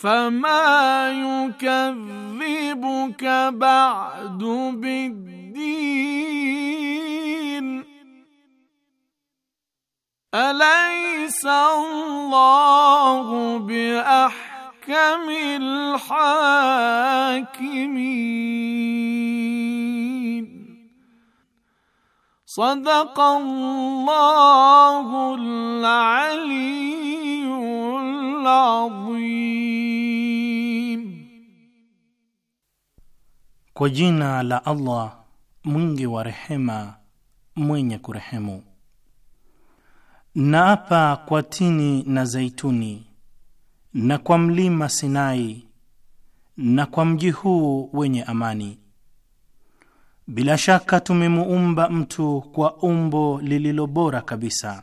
فما يكذبك بعد بالدين اليس الله باحكم الحاكمين صدق الله العليم العظيم Kwa jina la Allah mwingi wa rehema mwenye kurehemu. Naapa kwa tini na zaituni na kwa mlima Sinai na kwa mji huu wenye amani. Bila shaka tumemuumba mtu kwa umbo lililo bora kabisa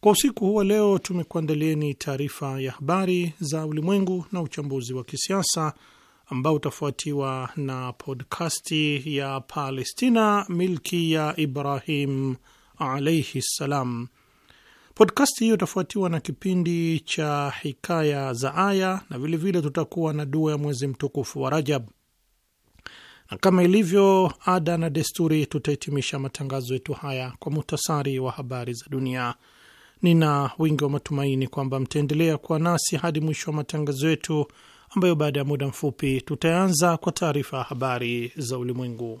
Kwa usiku huwa leo tumekuandalieni taarifa ya habari za ulimwengu na uchambuzi wa kisiasa ambao utafuatiwa na podkasti ya Palestina milki ya Ibrahim alaihi ssalam. Podkasti hiyo itafuatiwa na kipindi cha hikaya za aya na vilevile vile tutakuwa na dua ya mwezi mtukufu wa Rajab, na kama ilivyo ada na desturi, tutahitimisha matangazo yetu haya kwa muhtasari wa habari za dunia. Nina wingi wa matumaini kwamba mtaendelea kuwa nasi hadi mwisho wa matangazo yetu, ambayo baada ya muda mfupi tutaanza kwa taarifa ya habari za ulimwengu.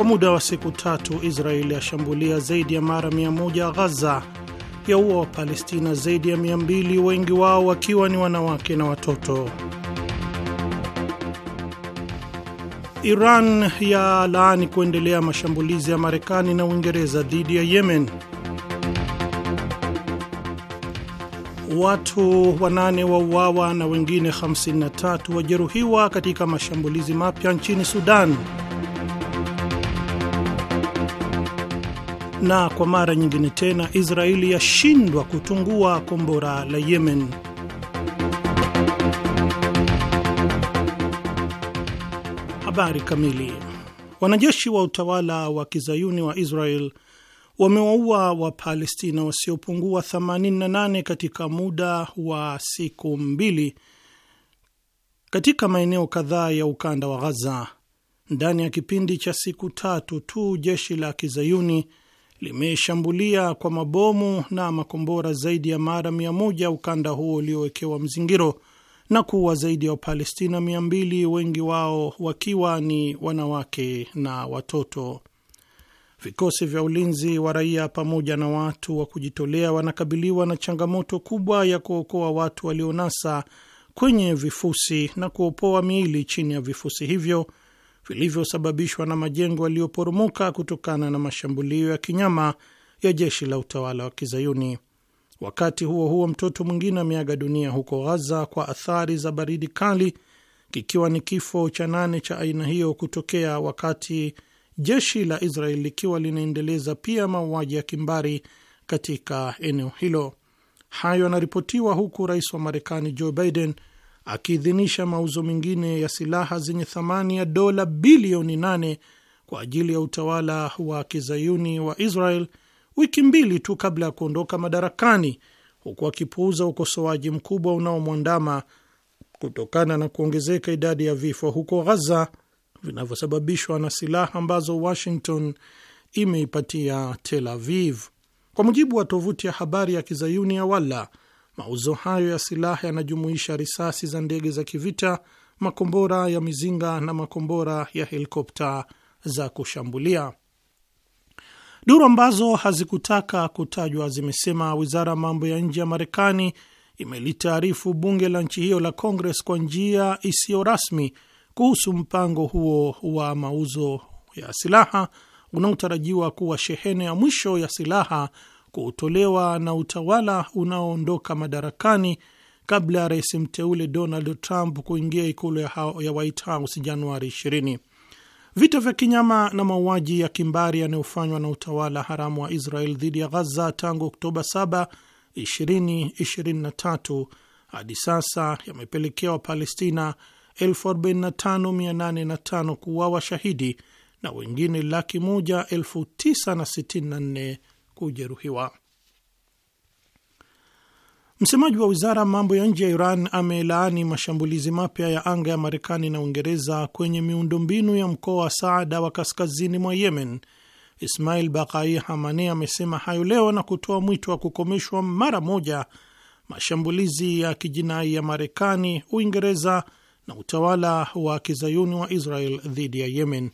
Kwa muda wa siku tatu, Israeli yashambulia zaidi ya mara 100 Ghaza, yaua Wapalestina zaidi ya 200, wengi wao wakiwa ni wanawake na watoto. Iran ya laani kuendelea mashambulizi ya Marekani na Uingereza dhidi ya Yemen. Watu wanane wauawa na wengine 53 wajeruhiwa katika mashambulizi mapya nchini Sudan. Na kwa mara nyingine tena Israeli yashindwa kutungua kombora la Yemen. Habari kamili. Wanajeshi wa utawala wa kizayuni wa Israel wamewaua Wapalestina wasiopungua 88 katika muda wa siku mbili katika maeneo kadhaa ya ukanda wa Ghaza. Ndani ya kipindi cha siku tatu tu, jeshi la kizayuni limeshambulia kwa mabomu na makombora zaidi ya mara mia moja ukanda huo uliowekewa mzingiro na kuua zaidi ya Wapalestina mia mbili, wengi wao wakiwa ni wanawake na watoto. Vikosi vya ulinzi wa raia pamoja na watu wa kujitolea wanakabiliwa na changamoto kubwa ya kuokoa watu walionasa kwenye vifusi na kuopoa miili chini ya vifusi hivyo vilivyosababishwa na majengo yaliyoporomoka kutokana na mashambulio ya kinyama ya jeshi la utawala wa Kizayuni. Wakati huo huo, mtoto mwingine ameaga dunia huko Ghaza kwa athari za baridi kali, kikiwa ni kifo cha nane cha aina hiyo kutokea wakati jeshi la Israel likiwa linaendeleza pia mauaji ya kimbari katika eneo hilo. Hayo yanaripotiwa huku rais wa Marekani Joe Biden akiidhinisha mauzo mengine ya silaha zenye thamani ya dola bilioni 8 kwa ajili ya utawala wa kizayuni wa Israel wiki mbili tu kabla ya kuondoka madarakani, huku akipuuza ukosoaji mkubwa unaomwandama kutokana na kuongezeka idadi ya vifo huko Ghaza vinavyosababishwa na silaha ambazo Washington imeipatia Tel Aviv. Kwa mujibu wa tovuti ya habari ya kizayuni ya Walla, Mauzo hayo ya silaha yanajumuisha risasi za ndege za kivita, makombora ya mizinga na makombora ya helikopta za kushambulia. Duru ambazo hazikutaka kutajwa zimesema wizara ya mambo ya nje ya Marekani imelitaarifu bunge la nchi hiyo la Congress kwa njia isiyo rasmi kuhusu mpango huo wa mauzo ya silaha unaotarajiwa kuwa shehena ya mwisho ya silaha kutolewa na utawala unaoondoka madarakani kabla ya rais mteule Donald Trump kuingia ikulu ya White House Januari 20. Vita vya kinyama na mauaji ya kimbari yanayofanywa na utawala haramu wa Israel dhidi ya Ghaza tangu Oktoba 7, 2023 hadi sasa yamepelekea Wapalestina 45805 kuuawa shahidi na wengine laki moja 1964 kujeruhiwa. Msemaji wa wizara ya mambo ya nje ya Iran amelaani mashambulizi mapya ya anga ya Marekani na Uingereza kwenye miundombinu ya mkoa wa Saada wa kaskazini mwa Yemen. Ismail Bakai hamane amesema hayo leo na kutoa mwito wa kukomeshwa mara moja mashambulizi ya kijinai ya Marekani, Uingereza na utawala wa kizayuni wa Israel dhidi ya Yemen.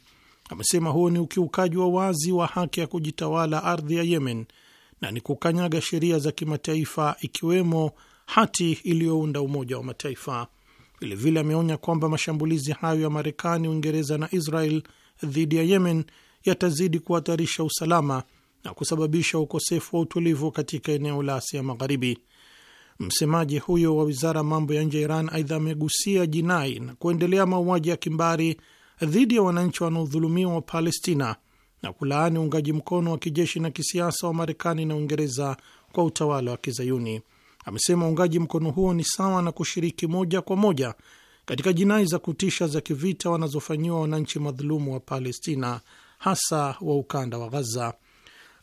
Amesema huo ni ukiukaji wa wazi wa haki ya kujitawala ardhi ya Yemen na ni kukanyaga sheria za kimataifa ikiwemo hati iliyounda Umoja wa Mataifa. Vilevile ameonya kwamba mashambulizi hayo ya Marekani, Uingereza na Israel dhidi ya Yemen yatazidi kuhatarisha usalama na kusababisha ukosefu wa utulivu katika eneo la Asia Magharibi. Msemaji huyo wa wizara ya mambo ya nje ya Iran aidha amegusia jinai na kuendelea mauaji ya kimbari dhidi ya wananchi wanaodhulumiwa wa Palestina na kulaani uungaji mkono wa kijeshi na kisiasa wa Marekani na Uingereza kwa utawala wa Kizayuni. Amesema uungaji mkono huo ni sawa na kushiriki moja kwa moja katika jinai za kutisha za kivita wanazofanyiwa wananchi madhulumu wa Palestina, hasa wa ukanda wa Ghaza.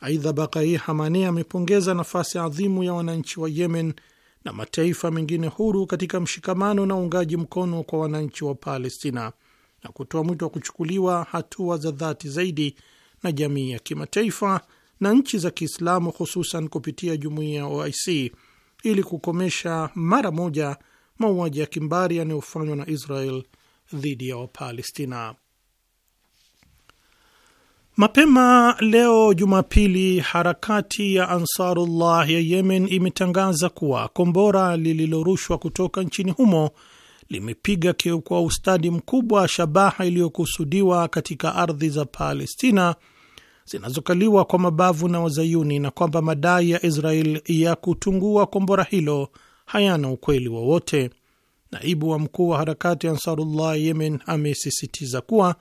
Aidha, Bakai Hamani amepongeza nafasi adhimu ya wananchi wa Yemen na mataifa mengine huru katika mshikamano na uungaji mkono kwa wananchi wa Palestina na kutoa mwito wa kuchukuliwa hatua za dhati zaidi na jamii ya kimataifa na nchi za Kiislamu, hususan kupitia jumuiya ya OIC ili kukomesha mara moja mauaji ya kimbari yanayofanywa na Israel dhidi ya Wapalestina. Mapema leo Jumapili, harakati ya Ansarullah ya Yemen imetangaza kuwa kombora lililorushwa kutoka nchini humo limepiga kwa ustadi mkubwa shabaha iliyokusudiwa katika ardhi za Palestina zinazokaliwa kwa mabavu na Wazayuni na kwamba madai ya Israel ya kutungua kombora hilo hayana ukweli wowote. Naibu wa mkuu wa harakati Ansarullah Yemen amesisitiza kuwa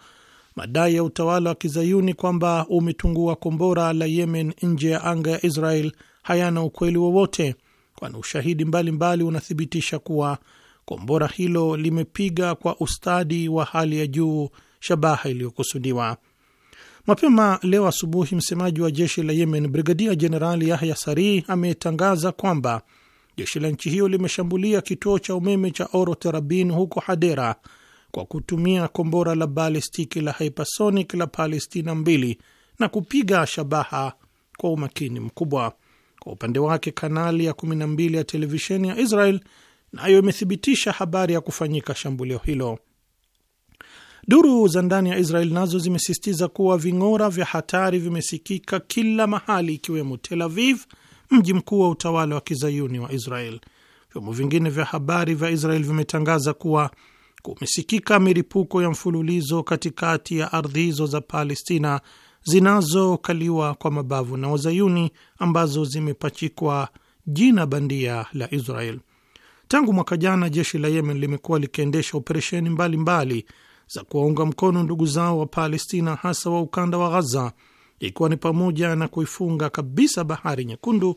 madai ya utawala wa kizayuni kwamba umetungua kombora la Yemen nje ya anga ya Israel hayana ukweli wowote, kwani ushahidi mbalimbali mbali unathibitisha kuwa Kombora hilo limepiga kwa ustadi wa hali ya juu shabaha iliyokusudiwa. Mapema leo asubuhi, msemaji wa jeshi la Yemen, Brigadia Jenerali Yahya Sari, ametangaza kwamba jeshi la nchi hiyo limeshambulia kituo cha umeme cha Oro Terabin huko Hadera kwa kutumia kombora la balistiki la hypersonic la Palestina mbili na kupiga shabaha kwa umakini mkubwa. Kwa upande wake, kanali ya 12 ya televisheni ya Israel nayo imethibitisha habari ya kufanyika shambulio hilo. Duru za ndani ya Israel nazo zimesisitiza kuwa ving'ora vya hatari vimesikika kila mahali, ikiwemo Tel Aviv, mji mkuu wa utawala wa kizayuni wa Israel. Vyombo vingine vya habari vya Israel vimetangaza kuwa kumesikika milipuko ya mfululizo katikati ya ardhi hizo za Palestina zinazokaliwa kwa mabavu na Wazayuni, ambazo zimepachikwa jina bandia la Israel. Tangu mwaka jana jeshi la Yemen limekuwa likiendesha operesheni mbalimbali za kuwaunga mkono ndugu zao wa Palestina, hasa wa ukanda wa Ghaza, ikiwa ni pamoja na kuifunga kabisa Bahari Nyekundu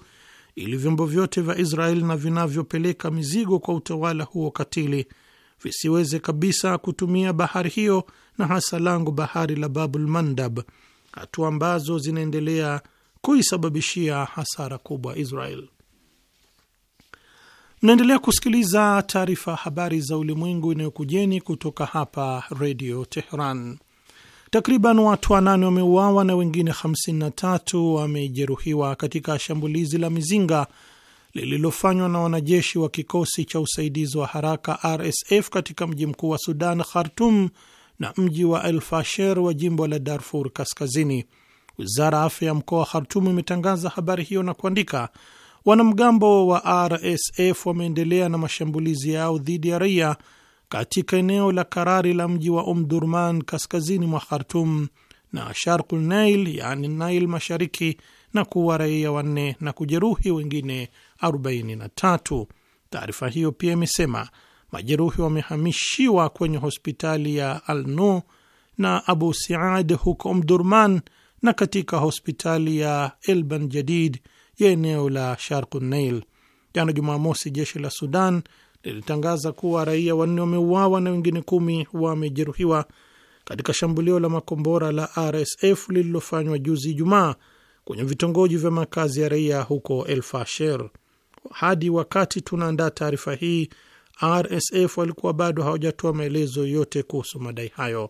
ili vyombo vyote vya israel na vinavyopeleka mizigo kwa utawala huo katili visiweze kabisa kutumia bahari hiyo na hasa lango bahari la Babul Mandab, hatua ambazo zinaendelea kuisababishia hasara kubwa Israel. Mnaendelea kusikiliza taarifa ya habari za ulimwengu inayokujeni kutoka hapa redio Teheran. Takriban watu wanane wameuawa na wengine 53 wamejeruhiwa katika shambulizi la mizinga lililofanywa na wanajeshi wa kikosi cha usaidizi wa haraka RSF katika mji mkuu wa Sudan, Khartum, na mji wa El Fasher wa jimbo la Darfur Kaskazini. Wizara ya afya ya mkoa wa Khartum imetangaza habari hiyo na kuandika Wanamgambo wa RSF wameendelea na mashambulizi yao dhidi ya raia katika eneo la Karari la mji wa Omdurman kaskazini mwa Khartum na sharkul Nail, yani Nail mashariki na kuwa raia wanne na kujeruhi wengine 43. Taarifa hiyo pia imesema majeruhi wamehamishiwa kwenye hospitali ya Alnu na Abu Siad huko Omdurman na katika hospitali ya Elban Jadid ya eneo la Sharqu Nail. Jana Jumamosi, jeshi la Sudan lilitangaza kuwa raia wanne wameuawa na wengine kumi wamejeruhiwa katika shambulio la makombora la RSF lililofanywa juzi Ijumaa kwenye vitongoji vya makazi ya raia huko El Fasher. Hadi wakati tunaandaa taarifa hii, RSF walikuwa bado hawajatoa maelezo yote kuhusu madai hayo.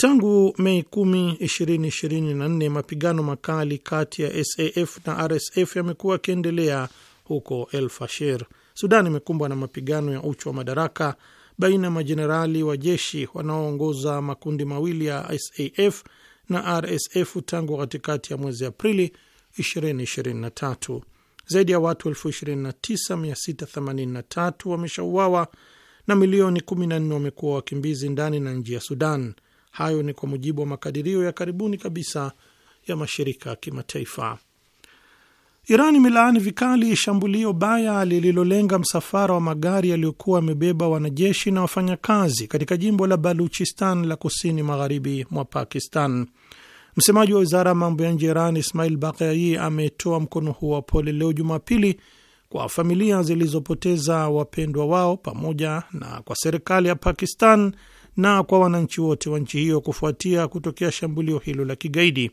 Tangu Mei 10, 2024 mapigano makali kati ya SAF na RSF yamekuwa yakiendelea huko El Fasher. Sudan imekumbwa na mapigano ya uchu wa madaraka baina ya majenerali wa jeshi wanaoongoza makundi mawili ya SAF na RSF tangu katikati ya mwezi Aprili 2023. Zaidi ya watu 29683 wameshauawa na milioni 14 wamekuwa wakimbizi ndani na nje ya Sudan. Hayo ni kwa mujibu wa makadirio ya karibuni kabisa ya mashirika ya kimataifa. Iran imelaani vikali shambulio baya lililolenga msafara wa magari yaliyokuwa yamebeba wanajeshi na wafanyakazi katika jimbo la Baluchistan la kusini magharibi mwa Pakistan. Msemaji wa wizara ya mambo ya nje Iran, Ismail Bakai, ametoa mkono huo wa pole leo Jumapili kwa familia zilizopoteza wapendwa wao pamoja na kwa serikali ya Pakistan na kwa wananchi wote wa nchi hiyo kufuatia kutokea shambulio hilo la kigaidi,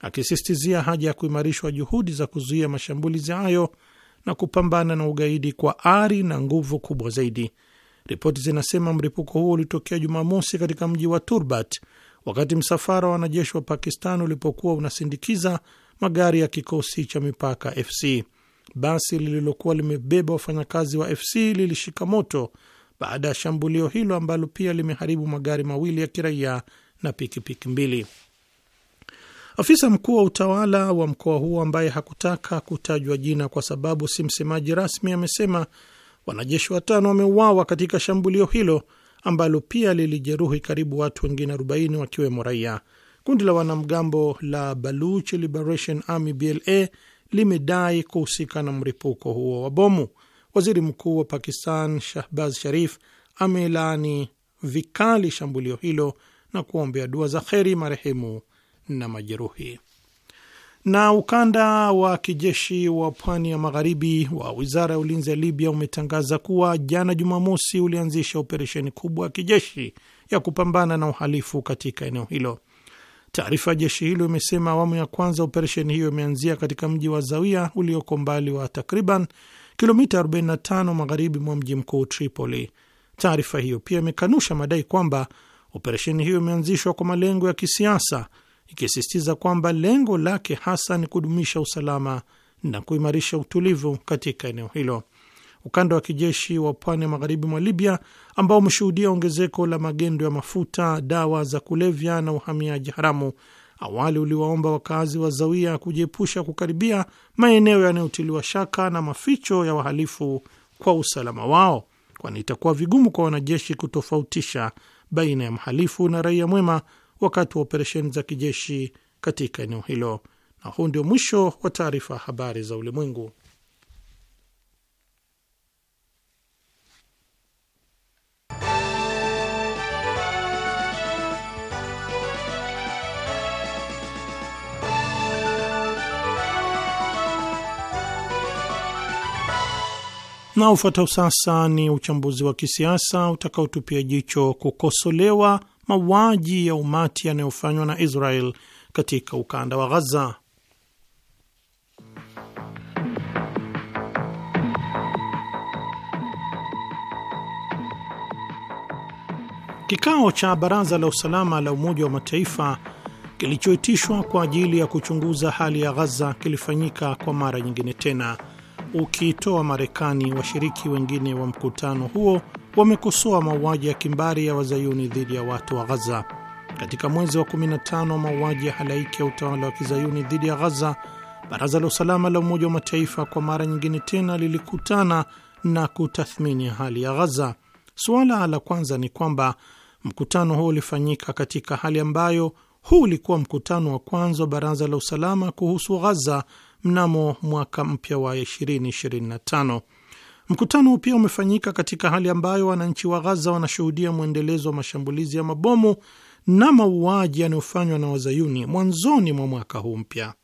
akisisitizia haja ya kuimarishwa juhudi za kuzuia mashambulizi hayo na kupambana na ugaidi kwa ari na nguvu kubwa zaidi. Ripoti zinasema mlipuko huo ulitokea Jumamosi katika mji wa Turbat wakati msafara wa wanajeshi wa Pakistan ulipokuwa unasindikiza magari ya kikosi cha mipaka FC. Basi lililokuwa limebeba wafanyakazi wa FC lilishika moto baada ya shambulio hilo ambalo pia limeharibu magari mawili ya kiraia na pikipiki mbili. Afisa mkuu wa utawala wa mkoa huo ambaye hakutaka kutajwa jina kwa sababu si msemaji rasmi, amesema wanajeshi watano wameuawa katika shambulio hilo ambalo pia lilijeruhi karibu watu wengine 40 wakiwemo raia. Kundi la wanamgambo la Baluchi Liberation Army BLA limedai kuhusika na mripuko huo wa bomu. Waziri Mkuu wa Pakistan Shahbaz Sharif amelaani vikali shambulio hilo na kuombea dua za kheri marehemu na majeruhi. Na ukanda wa kijeshi wa pwani ya magharibi wa wizara ya ulinzi ya Libya umetangaza kuwa jana Jumamosi ulianzisha operesheni kubwa ya kijeshi ya kupambana na uhalifu katika eneo hilo. Taarifa ya jeshi hilo imesema awamu ya kwanza operesheni hiyo imeanzia katika mji wa Zawia ulioko mbali wa takriban kilomita 45 magharibi mwa mji mkuu Tripoli. Taarifa hiyo pia imekanusha madai kwamba operesheni hiyo imeanzishwa kwa malengo ya kisiasa, ikisisitiza kwamba lengo lake hasa ni kudumisha usalama na kuimarisha utulivu katika eneo hilo. Ukanda wa kijeshi wa pwani ya magharibi mwa Libya ambao umeshuhudia ongezeko la magendo ya mafuta, dawa za kulevya na uhamiaji haramu Awali uliwaomba wakazi wa Zawia kujiepusha kukaribia maeneo yanayotiliwa shaka na maficho ya wahalifu kwa usalama wao, kwani itakuwa vigumu kwa wanajeshi kutofautisha baina ya mhalifu na raia mwema wakati wa operesheni za kijeshi katika eneo hilo. Na huu ndio mwisho wa taarifa ya habari za ulimwengu. Na ufuatao sasa ni uchambuzi wa kisiasa utakaotupia jicho kukosolewa mauaji ya umati yanayofanywa na Israel katika ukanda wa Gaza. Kikao cha Baraza la Usalama la Umoja wa Mataifa kilichoitishwa kwa ajili ya kuchunguza hali ya Gaza kilifanyika kwa mara nyingine tena ukiitoa Marekani, washiriki wengine wa mkutano huo wamekosoa mauaji ya kimbari ya wazayuni dhidi ya watu wa Ghaza. Katika mwezi wa 15 mauaji ya halaiki ya utawala wa kizayuni dhidi ya Ghaza, Baraza la Usalama la Umoja wa Mataifa kwa mara nyingine tena lilikutana na kutathmini hali ya Ghaza. Suala la kwanza ni kwamba mkutano huo ulifanyika katika hali ambayo huu ulikuwa mkutano wa kwanza wa Baraza la Usalama kuhusu Ghaza mnamo mwaka mpya wa 2025. Mkutano pia umefanyika katika hali ambayo wananchi wa Ghaza wanashuhudia mwendelezo wa mashambulizi ya mabomu na mauaji yanayofanywa na wazayuni mwanzoni mwa mwaka huu mpya.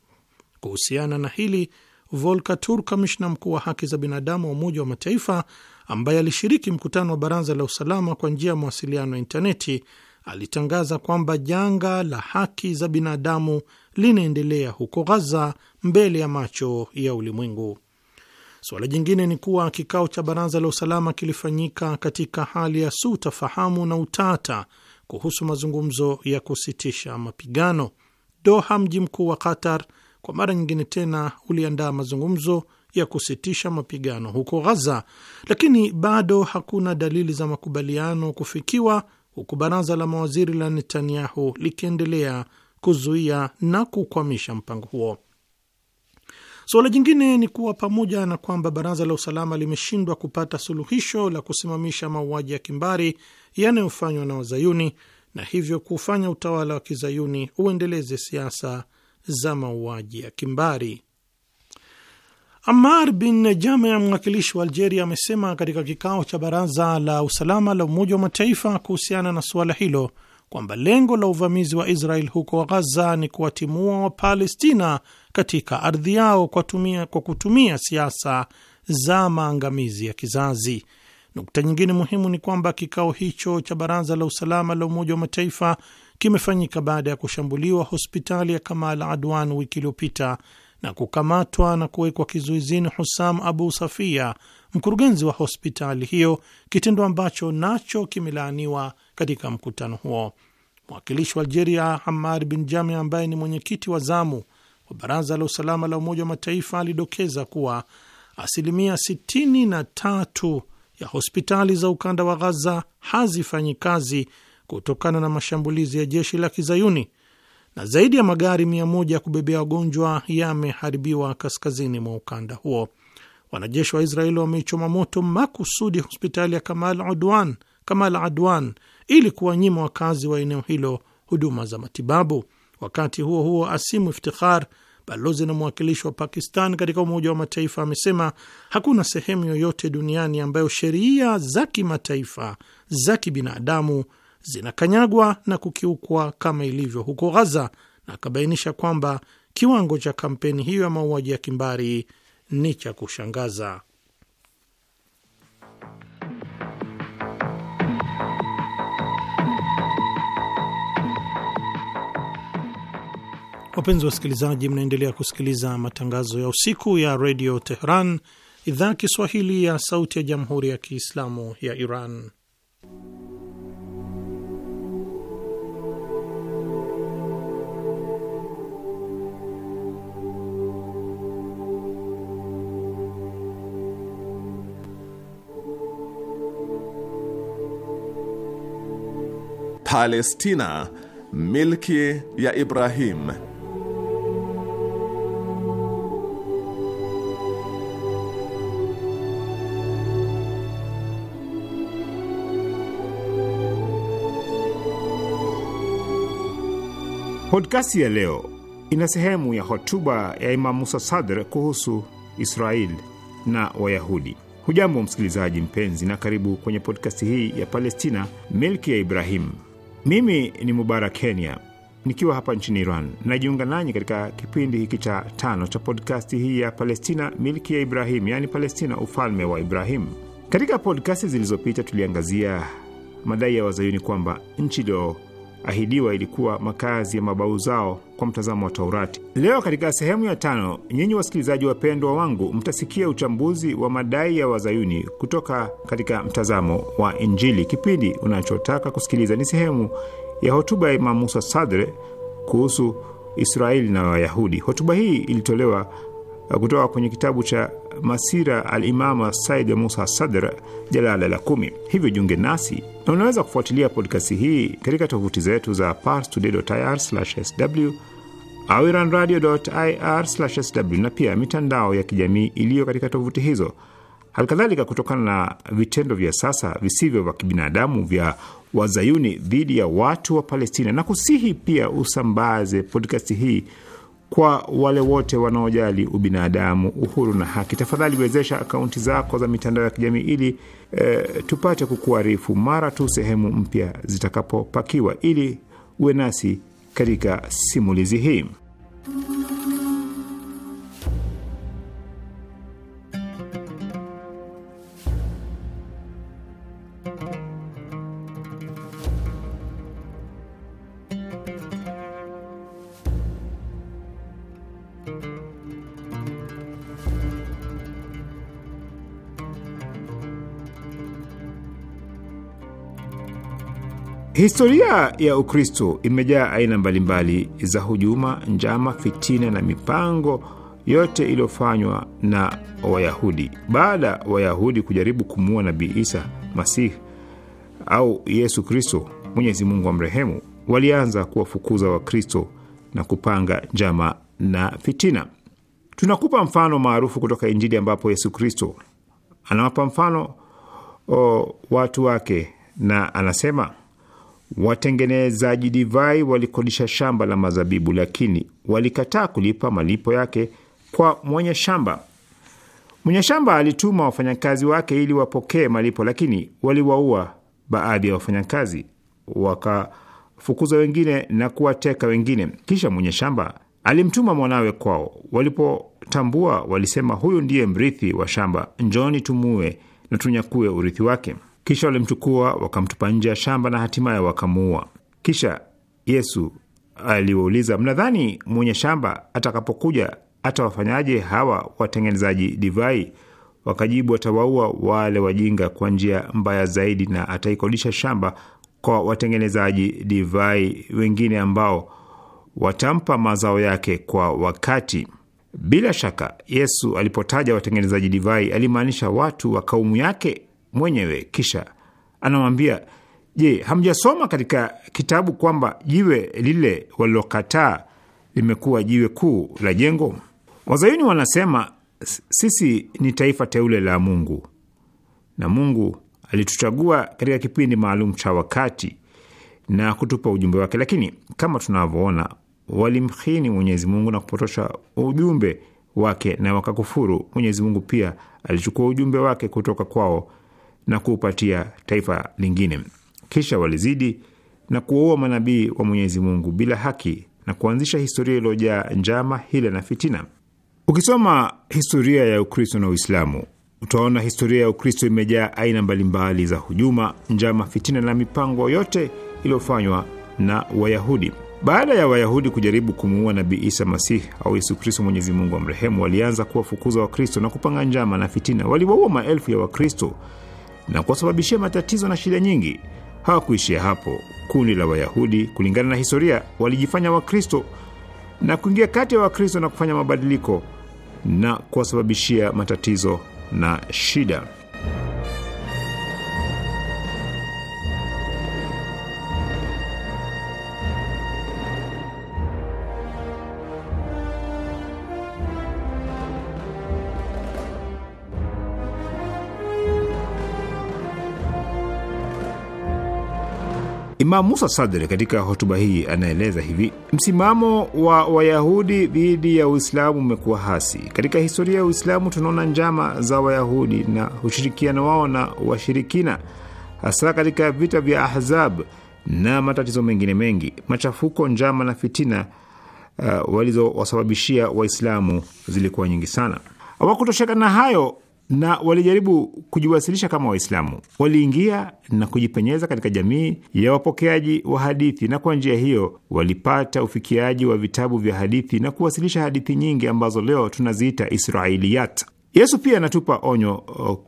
Kuhusiana na hili, Volker Turk, kamishna mkuu wa haki za binadamu wa Umoja wa Mataifa ambaye alishiriki mkutano wa Baraza la Usalama kwa njia ya mawasiliano ya intaneti, alitangaza kwamba janga la haki za binadamu linaendelea huko Ghaza mbele ya macho ya ulimwengu. Suala jingine ni kuwa kikao cha baraza la usalama kilifanyika katika hali ya sutafahamu na utata kuhusu mazungumzo ya kusitisha mapigano. Doha, mji mkuu wa Qatar, kwa mara nyingine tena uliandaa mazungumzo ya kusitisha mapigano huko Ghaza, lakini bado hakuna dalili za makubaliano kufikiwa huku baraza la mawaziri la Netanyahu likiendelea kuzuia na kukwamisha mpango huo. Suala jingine ni kuwa pamoja na kwamba baraza la usalama limeshindwa kupata suluhisho la kusimamisha mauaji ya kimbari yanayofanywa na Wazayuni na hivyo kufanya utawala wa kizayuni uendeleze siasa za mauaji ya kimbari amar bin Jamea, mwakilishi wa Algeria, amesema katika kikao cha baraza la usalama la Umoja wa Mataifa kuhusiana na suala hilo kwamba lengo la uvamizi wa Israel huko Ghaza ni kuwatimua Wapalestina katika ardhi yao kwa, tumia, kwa kutumia siasa za maangamizi ya kizazi. Nukta nyingine muhimu ni kwamba kikao hicho cha baraza la usalama la Umoja wa Mataifa kimefanyika baada ya kushambuliwa hospitali ya Kamal Adwan wiki iliyopita na kukamatwa na kuwekwa kizuizini Husam Abu Safia, mkurugenzi wa hospitali hiyo, kitendo ambacho nacho kimelaaniwa katika mkutano huo. Mwakilishi wa Algeria Hamar bin Jami, ambaye ni mwenyekiti wa zamu wa Baraza la Usalama la Umoja wa Mataifa, alidokeza kuwa asilimia 63 ya hospitali za ukanda wa Ghaza hazifanyi kazi kutokana na mashambulizi ya jeshi la Kizayuni na zaidi ya magari mia moja ya kubebea wagonjwa yameharibiwa kaskazini mwa ukanda huo. Wanajeshi wa Israeli wameichoma moto makusudi hospitali ya Kamal Adwan, Kamal Adwan ili kuwanyima wakazi wa eneo hilo huduma za matibabu. Wakati huo huo, Asimu Iftikhar, balozi na mwakilishi wa Pakistan katika Umoja wa Mataifa, amesema hakuna sehemu yoyote duniani ambayo sheria za kimataifa za kibinadamu zinakanyagwa na kukiukwa kama ilivyo huko Ghaza, na akabainisha kwamba kiwango cha kampeni hiyo ya mauaji ya kimbari ni cha kushangaza. Wapenzi wa wasikilizaji, mnaendelea kusikiliza matangazo ya usiku ya redio Teheran, idhaa ya Kiswahili ya sauti ya jamhuri ya kiislamu ya Iran. Palestina milki ya Ibrahim. podkasti ya leo ina sehemu ya hotuba ya Imam Musa Sadr kuhusu israel na Wayahudi. Hujambo msikilizaji mpenzi, na karibu kwenye podkasti hii ya Palestina milki ya Ibrahim mimi ni Mubarak Kenya nikiwa hapa nchini Iran, najiunga nanyi katika kipindi hiki cha tano cha podkasti hii ya Palestina, milki ya Ibrahim, yaani Palestina, ufalme wa Ibrahim. Katika podkasti zilizopita tuliangazia madai ya wazayuni kwamba nchi ndio ahidiwa ilikuwa makazi ya mabau zao kwa mtazamo wa Taurati. Leo katika sehemu ya tano, nyinyi wasikilizaji wapendwa wangu, mtasikia uchambuzi wa madai ya wazayuni kutoka katika mtazamo wa Injili. Kipindi unachotaka kusikiliza ni sehemu ya hotuba ya Imamu Musa Sadre kuhusu Israeli na Wayahudi. Hotuba hii ilitolewa uh, kutoka kwenye kitabu cha Masira Alimama Said Musa Sadr, jalala la kumi. Hivyo jiunge nasi na unaweza kufuatilia podkasti hii katika tovuti zetu za parstoday.ir/sw au iranradio.ir/sw na pia mitandao ya kijamii iliyo katika tovuti hizo. Halikadhalika, kutokana na vitendo vya sasa visivyo vya kibinadamu vya wazayuni dhidi ya watu wa Palestina, na kusihi pia usambaze podkasti hii kwa wale wote wanaojali ubinadamu, uhuru na haki. Tafadhali wezesha akaunti zako za mitandao ya kijamii ili e, tupate kukuarifu mara tu sehemu mpya zitakapopakiwa, ili uwe nasi katika simulizi hii. Historia ya Ukristo imejaa aina mbalimbali za hujuma, njama, fitina na mipango yote iliyofanywa na Wayahudi. Baada ya Wayahudi kujaribu kumuua Nabii Isa Masihi au Yesu Kristo, Mwenyezi Mungu mrehemu walianza kuwafukuza Wakristo na kupanga njama na fitina. Tunakupa mfano maarufu kutoka Injili ambapo Yesu Kristo anawapa mfano o, watu wake na anasema Watengenezaji divai walikodisha shamba la mazabibu, lakini walikataa kulipa malipo yake kwa mwenye shamba. Mwenye shamba alituma wafanyakazi wake ili wapokee malipo, lakini waliwaua baadhi ya wafanyakazi, wakafukuza wengine na kuwateka wengine. Kisha mwenye shamba alimtuma mwanawe kwao. Walipotambua walisema, huyu ndiye mrithi wa shamba, njoni tumue na tunyakue urithi wake. Kisha walimchukua wakamtupa nje ya shamba na hatimaye wakamuua. Kisha Yesu aliwauliza, mnadhani mwenye shamba atakapokuja atawafanyaje hawa watengenezaji divai? Wakajibu, atawaua wale wajinga kwa njia mbaya zaidi, na ataikodisha shamba kwa watengenezaji divai wengine ambao watampa mazao yake kwa wakati. Bila shaka Yesu alipotaja watengenezaji divai alimaanisha watu wa kaumu yake mwenyewe. Kisha anamwambia, je, hamjasoma katika kitabu kwamba jiwe lile walilokataa limekuwa jiwe kuu la jengo? Wazayuni wanasema sisi ni taifa teule la Mungu na Mungu alituchagua katika kipindi maalum cha wakati na kutupa ujumbe wake, lakini kama tunavyoona walimhini Mwenyezi Mungu na kupotosha ujumbe wake na wakakufuru. Mwenyezi Mungu pia alichukua ujumbe wake kutoka kwao na kuupatia taifa lingine. Kisha walizidi na kuwaua manabii wa Mwenyezi Mungu bila haki na kuanzisha historia iliyojaa njama, hila na fitina. Ukisoma historia ya Ukristo na Uislamu utaona historia ya Ukristo imejaa aina mbalimbali za hujuma, njama, fitina na mipango yote iliyofanywa na Wayahudi. Baada ya Wayahudi kujaribu kumuua Nabii Isa Masihi au Yesu Kristo, Mwenyezi Mungu amrehemu, walianza kuwafukuza Wakristo na kupanga njama na fitina. Waliwaua maelfu ya Wakristo na kuwasababishia matatizo na shida nyingi. Hawakuishia hapo. Kundi la Wayahudi, kulingana na historia, walijifanya Wakristo na kuingia kati ya Wakristo na kufanya mabadiliko na kuwasababishia matatizo na shida. Imam Musa Sadri katika hotuba hii anaeleza hivi: msimamo wa Wayahudi dhidi ya Uislamu umekuwa hasi. Katika historia ya Uislamu tunaona njama za Wayahudi na ushirikiano wao na washirikina, hasa katika vita vya Ahzab na matatizo mengine mengi, machafuko, njama na fitina uh, walizowasababishia Waislamu zilikuwa nyingi sana. Hawakutosheka na hayo na walijaribu kujiwasilisha kama Waislamu. Waliingia na kujipenyeza katika jamii ya wapokeaji wa hadithi, na kwa njia hiyo walipata ufikiaji wa vitabu vya hadithi na kuwasilisha hadithi nyingi ambazo leo tunaziita Israiliyat. Yesu pia anatupa onyo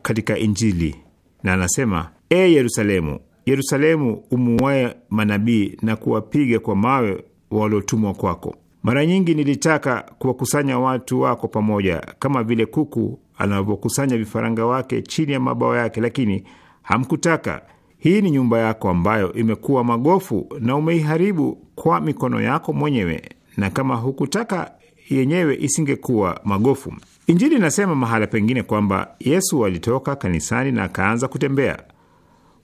katika Injili na anasema, E Yerusalemu, Yerusalemu, umuwaye manabii na kuwapiga kwa mawe waliotumwa kwako. Mara nyingi nilitaka kuwakusanya watu wako pamoja kama vile kuku anavyokusanya vifaranga wake chini ya mabawa yake, lakini hamkutaka. Hii ni nyumba yako ambayo imekuwa magofu na umeiharibu kwa mikono yako mwenyewe, na kama hukutaka yenyewe isingekuwa magofu. Injili inasema mahala pengine kwamba Yesu alitoka kanisani na akaanza kutembea.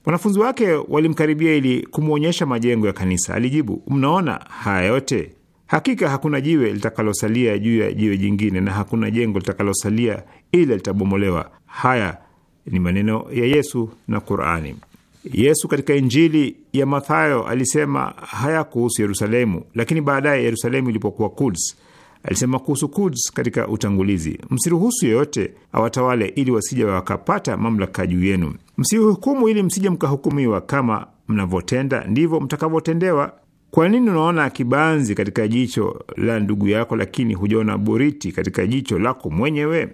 Wanafunzi wake walimkaribia ili kumwonyesha majengo ya kanisa. Alijibu, mnaona haya yote Hakika hakuna jiwe litakalosalia juu ya jiwe jingine na hakuna jengo litakalosalia ila litabomolewa. Haya ni maneno ya Yesu na Qurani. Yesu katika Injili ya Mathayo alisema haya kuhusu Yerusalemu, lakini baadaye Yerusalemu ilipokuwa Kuds alisema kuhusu Kuds katika utangulizi, msiruhusu yeyote awatawale ili wasije wakapata mamlaka juu yenu, msihukumu ili msije mkahukumiwa, kama mnavyotenda ndivyo mtakavyotendewa. Kwa nini unaona kibanzi katika jicho la ndugu yako, lakini hujaona boriti katika jicho lako mwenyewe?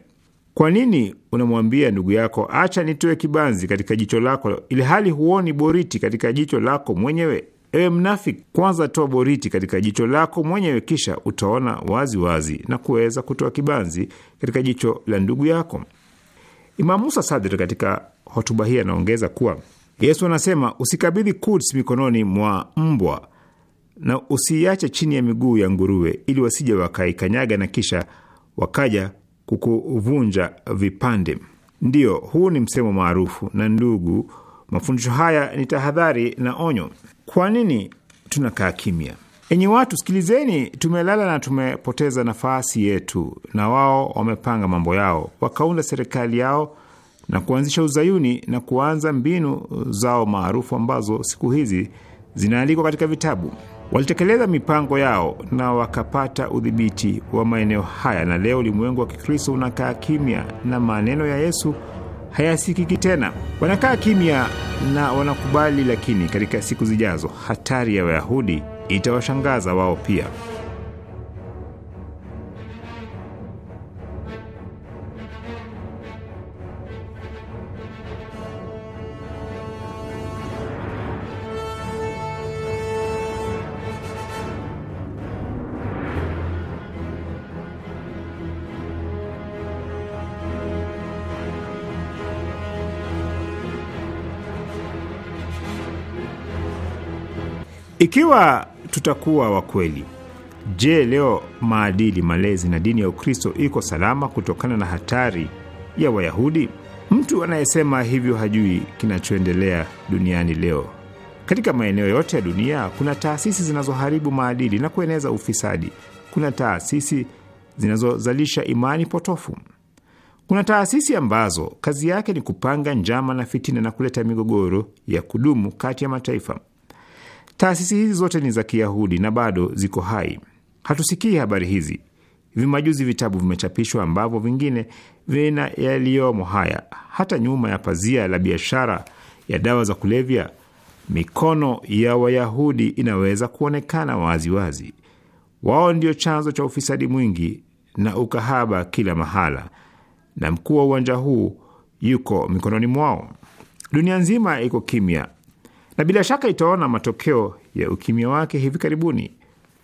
Kwa nini unamwambia ndugu yako, acha nitoe kibanzi katika jicho lako, ili hali huoni boriti katika jicho lako mwenyewe? Ewe mnafiki, kwanza toa boriti katika jicho lako mwenyewe, kisha utaona wazi wazi na kuweza kutoa kibanzi katika jicho la ndugu yako. Imam Musa Sadri katika hotuba hii anaongeza kuwa Yesu anasema, usikabidhi Quds mikononi mwa mbwa na usiiache chini ya miguu ya nguruwe, ili wasije wakaikanyaga na kisha wakaja kukuvunja vipande. Ndiyo, huu ni msemo maarufu. Na ndugu, mafundisho haya ni tahadhari na onyo. Kwa nini tunakaa kimya? Enyi watu, sikilizeni, tumelala na tumepoteza nafasi yetu, na wao wamepanga mambo yao, wakaunda serikali yao na kuanzisha uzayuni na kuanza mbinu zao maarufu ambazo siku hizi zinaalikwa katika vitabu. Walitekeleza mipango yao na wakapata udhibiti wa maeneo haya, na leo ulimwengu wa Kikristo unakaa kimya na maneno ya Yesu hayasikiki tena. Wanakaa kimya na wanakubali, lakini katika siku zijazo hatari ya Wayahudi itawashangaza wao pia. Ikiwa tutakuwa wa kweli, je, leo maadili, malezi na dini ya Ukristo iko salama kutokana na hatari ya Wayahudi? Mtu anayesema hivyo hajui kinachoendelea duniani leo. Katika maeneo yote ya dunia kuna taasisi zinazoharibu maadili na kueneza ufisadi. Kuna taasisi zinazozalisha imani potofu. Kuna taasisi ambazo kazi yake ni kupanga njama na fitina na kuleta migogoro ya kudumu kati ya mataifa. Taasisi hizi zote ni za Kiyahudi na bado ziko hai. Hatusikii habari hizi. vimajuzi vitabu vimechapishwa ambavyo vingine vina yaliyomo haya. Hata nyuma ya pazia la biashara ya dawa za kulevya, mikono ya Wayahudi inaweza kuonekana waziwazi wazi. Wao ndio chanzo cha ufisadi mwingi na ukahaba kila mahala, na mkuu wa uwanja huu yuko mikononi mwao. Dunia nzima iko kimya na bila shaka itaona matokeo ya ukimya wake hivi karibuni.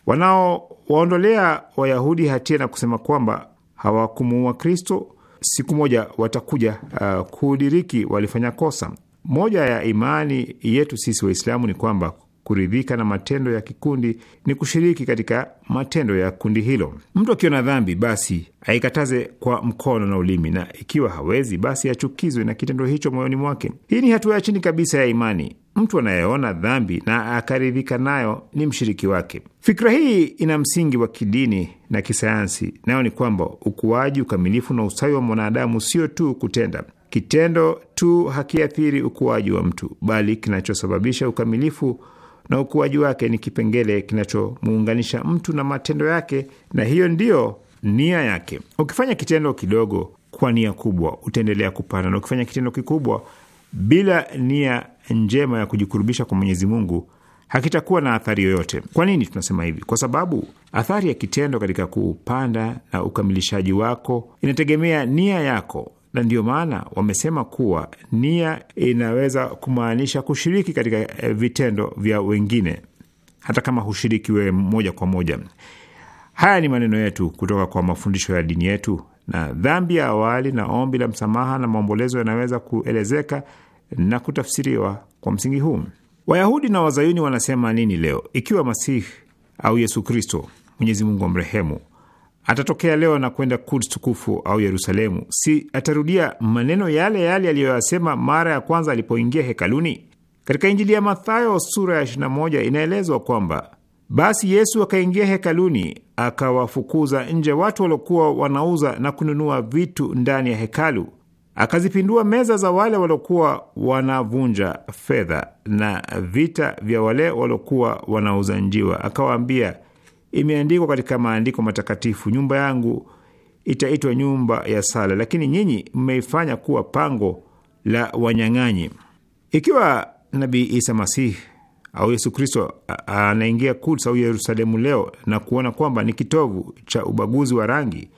Wanaowaondolea Wayahudi hatia na kusema kwamba hawakumuua Kristo, siku moja watakuja uh, kudiriki walifanya kosa. Moja ya imani yetu sisi Waislamu ni kwamba Kuridhika na matendo ya kikundi ni kushiriki katika matendo ya kundi hilo. Mtu akiona dhambi, basi aikataze kwa mkono na ulimi, na ikiwa hawezi, basi achukizwe na kitendo hicho moyoni mwake. Hii ni hatua ya chini kabisa ya imani. Mtu anayeona dhambi na akaridhika nayo ni mshiriki wake. Fikra hii ina msingi wa kidini na kisayansi, nayo ni kwamba ukuaji, ukamilifu na ustawi wa mwanadamu sio tu kutenda kitendo tu hakiathiri ukuaji wa mtu, bali kinachosababisha ukamilifu na ukuaji wake ni kipengele kinachomuunganisha mtu na matendo yake, na hiyo ndiyo nia yake. Ukifanya kitendo kidogo kwa nia kubwa, utaendelea kupanda, na ukifanya kitendo kikubwa bila nia njema ya kujikurubisha kwa Mwenyezi Mungu hakitakuwa na athari yoyote. Kwa nini tunasema hivi? Kwa sababu athari ya kitendo katika kupanda na ukamilishaji wako inategemea nia yako na ndiyo maana wamesema kuwa nia inaweza kumaanisha kushiriki katika eh, vitendo vya wengine hata kama hushiriki wewe moja kwa moja. Haya ni maneno yetu kutoka kwa mafundisho ya dini yetu, na dhambi ya awali na ombi la msamaha na maombolezo yanaweza kuelezeka na kutafsiriwa kwa msingi huu. Wayahudi na Wazayuni wanasema nini leo? Ikiwa Masihi au Yesu Kristo, Mwenyezi Mungu amrehemu, atatokea leo na kwenda Kuds tukufu au Yerusalemu? Si atarudia maneno yale yale aliyoyasema mara ya kwanza alipoingia hekaluni? Katika Injili ya Mathayo sura ya 21 inaelezwa kwamba basi Yesu akaingia hekaluni akawafukuza nje watu waliokuwa wanauza na kununua vitu ndani ya hekalu, akazipindua meza za wale waliokuwa wanavunja fedha na vita vya wale waliokuwa wanauza njiwa, akawaambia Imeandikwa katika maandiko matakatifu, nyumba yangu itaitwa nyumba ya sala, lakini nyinyi mmeifanya kuwa pango la wanyang'anyi. Ikiwa Nabii Isa masihi au Yesu Kristo anaingia Kuds au Yerusalemu leo na kuona kwamba ni kitovu cha ubaguzi wa rangi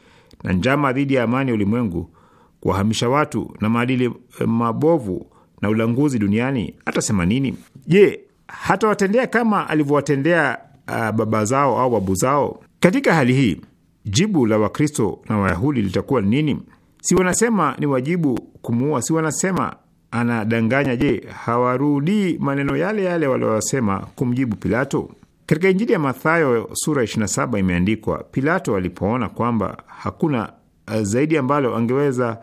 na njama dhidi ya amani ya ulimwengu, kuwahamisha watu na maadili mabovu na ulanguzi duniani, atasema nini? Je, hatawatendea kama alivyowatendea uh, baba zao au babu zao? Katika hali hii jibu la Wakristo na Wayahudi litakuwa nini? Si wanasema ni wajibu kumuua? Si wanasema anadanganya? Je, hawarudii maneno yale yale waliyosema kumjibu Pilato? Katika Injili ya Mathayo sura 27 imeandikwa, Pilato alipoona kwamba hakuna uh, zaidi ambalo angeweza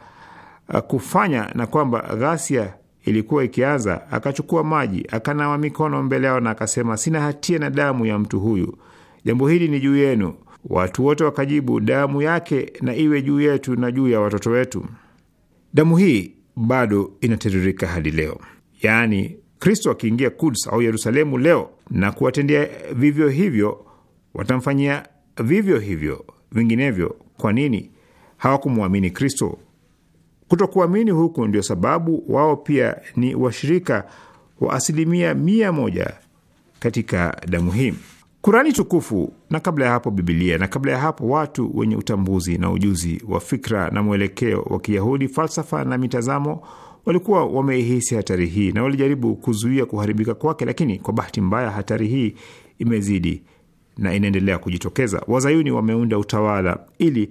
uh, kufanya na kwamba ghasia ilikuwa ikianza, akachukua maji akanawa mikono mbele yao na akasema, sina hatia na damu ya mtu huyu, jambo hili ni juu yenu. Watu wote wakajibu, damu yake na iwe juu yetu na juu ya watoto wetu. Damu hii bado inatiririka hadi leo. Yaani, Kristo akiingia Kuds au Yerusalemu leo na kuwatendea vivyo hivyo, watamfanyia vivyo hivyo. Vinginevyo, kwa nini hawakumwamini Kristo? Kutokuamini huku ndio sababu wao pia ni washirika wa asilimia mia moja katika damu hii, Kurani tukufu na kabla ya hapo Bibilia, na kabla ya hapo watu wenye utambuzi na ujuzi wa fikra na mwelekeo wa Kiyahudi, falsafa na mitazamo walikuwa wameihisi hatari hii na walijaribu kuzuia kuharibika kwake, lakini kwa bahati mbaya hatari hii imezidi na inaendelea kujitokeza. Wazayuni wameunda utawala ili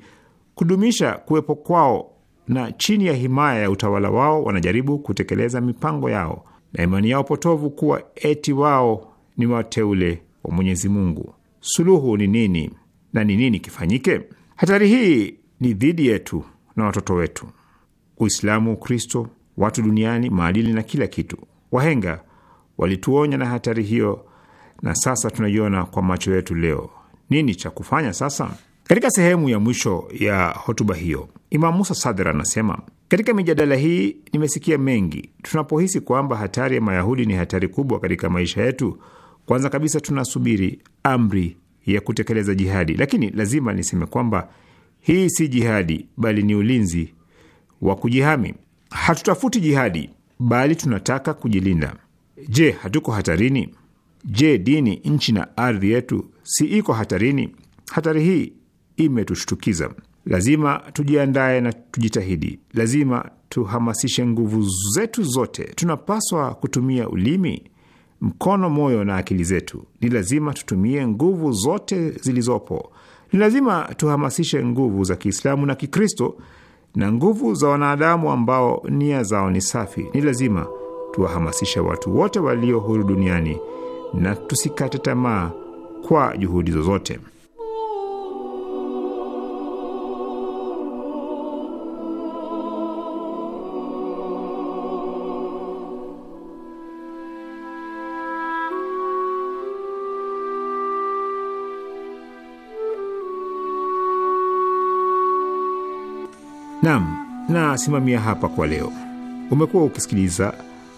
kudumisha kuwepo kwao na chini ya himaya ya utawala wao wanajaribu kutekeleza mipango yao na imani yao potovu kuwa eti wao ni wateule wa Mwenyezi Mungu. Suluhu ni nini na ni nini kifanyike? Hatari hii ni dhidi yetu na watoto wetu. Uislamu, Ukristo, watu duniani, maadili na kila kitu. Wahenga walituonya na hatari hiyo, na sasa tunaiona kwa macho yetu leo. Nini cha kufanya sasa? Katika sehemu ya mwisho ya hotuba hiyo, Imam Musa Sadr anasema katika mijadala hii nimesikia mengi. Tunapohisi kwamba hatari ya Mayahudi ni hatari kubwa katika maisha yetu, kwanza kabisa tunasubiri amri ya kutekeleza jihadi, lakini lazima niseme kwamba hii si jihadi, bali ni ulinzi wa kujihami. Hatutafuti jihadi, bali tunataka kujilinda. Je, hatuko hatarini? Je, dini, nchi na ardhi yetu si iko hatarini? Hatari hii imetushtukiza. Lazima tujiandae na tujitahidi. Lazima tuhamasishe nguvu zetu zote. Tunapaswa kutumia ulimi, mkono, moyo na akili zetu. Ni lazima tutumie nguvu zote zilizopo. Ni lazima tuhamasishe nguvu za Kiislamu na Kikristo na nguvu za wanadamu ambao nia zao ni safi. Ni lazima tuwahamasishe watu wote walio huru duniani na tusikate tamaa kwa juhudi zozote. Naam, nasimamia hapa kwa leo. Umekuwa ukisikiliza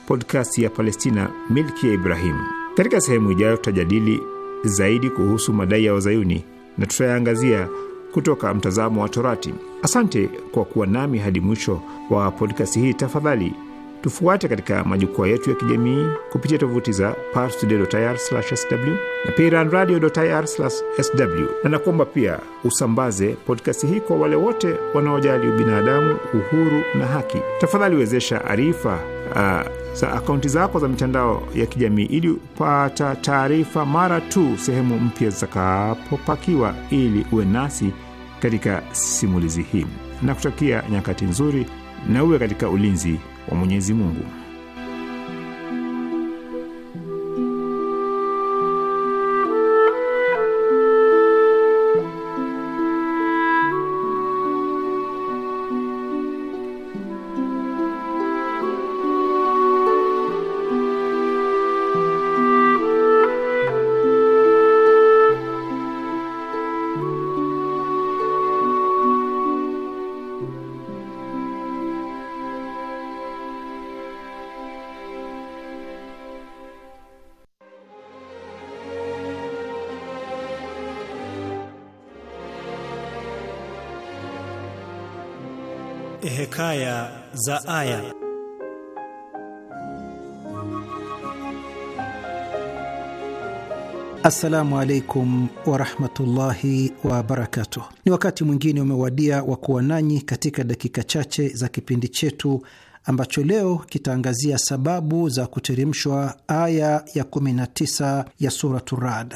podcast ya Palestina, milki ya Ibrahimu. Katika sehemu ijayo, tutajadili zaidi kuhusu madai ya Wazayuni na tutayaangazia kutoka mtazamo wa Torati. Asante kwa kuwa nami hadi mwisho wa podcast hii. Tafadhali Tufuate katika majukwaa yetu ya kijamii kupitia tovuti za parstoday.ir/sw na pia sw na nakuomba pia usambaze podkasti hii kwa wale wote wanaojali ubinadamu, uhuru na haki. Tafadhali wezesha arifa uh, za akaunti zako za mitandao ya kijamii ili upata taarifa mara tu sehemu mpya zitakapopakiwa, ili uwe nasi katika simulizi hii na kutakia nyakati nzuri na uwe katika ulinzi wa Mwenyezi Mungu. Hekaya za aya. Assalamu alaikum warahmatullahi wabarakatuh. Ni wakati mwingine umewadia wa kuwa nanyi katika dakika chache za kipindi chetu ambacho leo kitaangazia sababu za kuteremshwa aya ya 19 ya Suratu Rad.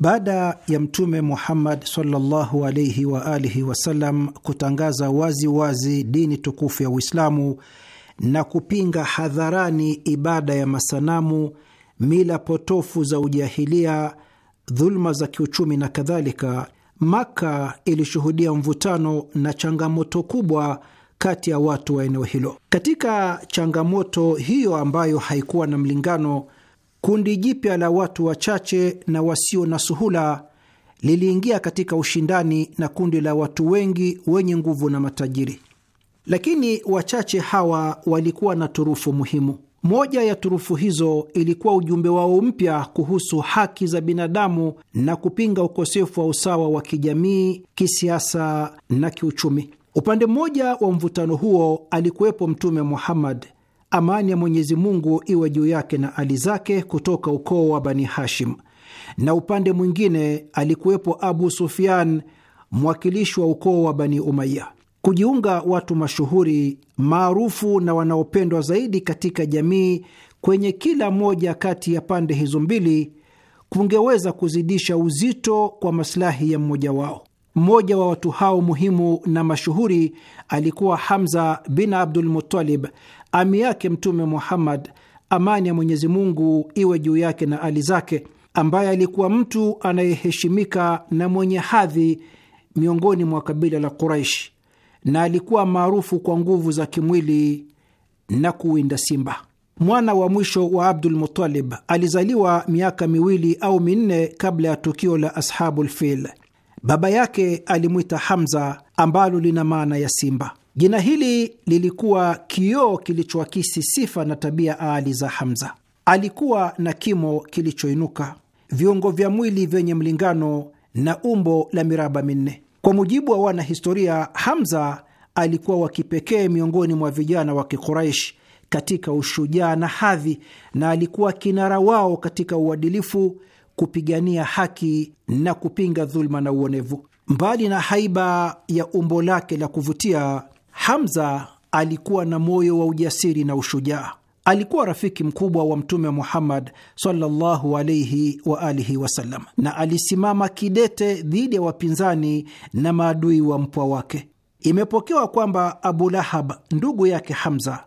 Baada ya Mtume Muhammad sallallahu alaihi wa alihi wasallam kutangaza wazi wazi dini tukufu ya Uislamu na kupinga hadharani ibada ya masanamu, mila potofu za ujahilia, dhuluma za kiuchumi na kadhalika, Makka ilishuhudia mvutano na changamoto kubwa kati ya watu wa eneo hilo. Katika changamoto hiyo ambayo haikuwa na mlingano kundi jipya la watu wachache na wasio na suhula liliingia katika ushindani na kundi la watu wengi wenye nguvu na matajiri, lakini wachache hawa walikuwa na turufu muhimu. Moja ya turufu hizo ilikuwa ujumbe wao mpya kuhusu haki za binadamu na kupinga ukosefu wa usawa wa kijamii, kisiasa na kiuchumi. Upande mmoja wa mvutano huo alikuwepo Mtume Muhammad amani ya Mwenyezi Mungu iwe juu yake na ali zake, kutoka ukoo wa Bani Hashim, na upande mwingine alikuwepo Abu Sufyan, mwakilishi wa ukoo wa Bani Umaya. Kujiunga watu mashuhuri maarufu na wanaopendwa zaidi katika jamii kwenye kila moja kati ya pande hizo mbili kungeweza kuzidisha uzito kwa masilahi ya mmoja wao. Mmoja wa watu hao muhimu na mashuhuri alikuwa Hamza bin Abdul Muttalib, ami yake Mtume Muhammad, amani ya Mwenyezi Mungu iwe juu yake na ali zake, ambaye alikuwa mtu anayeheshimika na mwenye hadhi miongoni mwa kabila la Quraish, na alikuwa maarufu kwa nguvu za kimwili na kuwinda simba. Mwana wa mwisho wa Abdul Muttalib alizaliwa miaka miwili au minne kabla ya tukio la Ashabul Fil. Baba yake alimwita Hamza, ambalo lina maana ya simba. Jina hili lilikuwa kioo kilichoakisi sifa na tabia aali za Hamza. Alikuwa na kimo kilichoinuka, viungo vya mwili vyenye mlingano na umbo la miraba minne. Kwa mujibu wa wanahistoria, Hamza alikuwa wa kipekee miongoni mwa vijana wa Kikuraish katika ushujaa na hadhi, na alikuwa kinara wao katika uadilifu kupigania haki na kupinga dhuluma na uonevu. Mbali na haiba ya umbo lake la kuvutia, Hamza alikuwa na moyo wa ujasiri na ushujaa. Alikuwa rafiki mkubwa wa Mtume Muhammad sallallahu alaihi wa alihi wasallam, na alisimama kidete dhidi ya wapinzani na maadui wa mpwa wake. Imepokewa kwamba Abu Lahab, ndugu yake Hamza,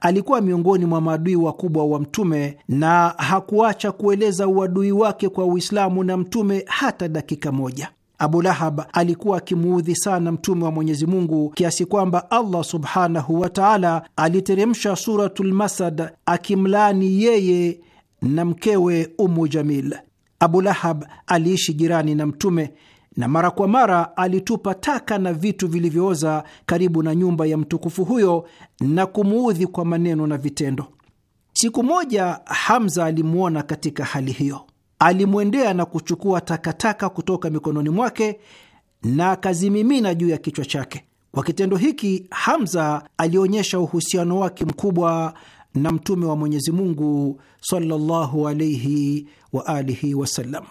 alikuwa miongoni mwa maadui wakubwa wa Mtume na hakuacha kueleza uadui wake kwa Uislamu na Mtume hata dakika moja. Abu Lahab alikuwa akimuudhi sana Mtume wa Mwenyezi Mungu kiasi kwamba Allah subhanahu wa taala aliteremsha Suratul Masad akimlaani yeye na mkewe Umu Jamil. Abu Lahab aliishi jirani na Mtume na mara kwa mara alitupa taka na vitu vilivyooza karibu na nyumba ya mtukufu huyo na kumuudhi kwa maneno na vitendo. Siku moja Hamza alimwona katika hali hiyo, alimwendea na kuchukua takataka kutoka mikononi mwake na akazimimina juu ya kichwa chake. Kwa kitendo hiki, Hamza alionyesha uhusiano wake mkubwa na Mtume wa Mwenyezi Mungu sallallahu alaihi wa alihi wasallam.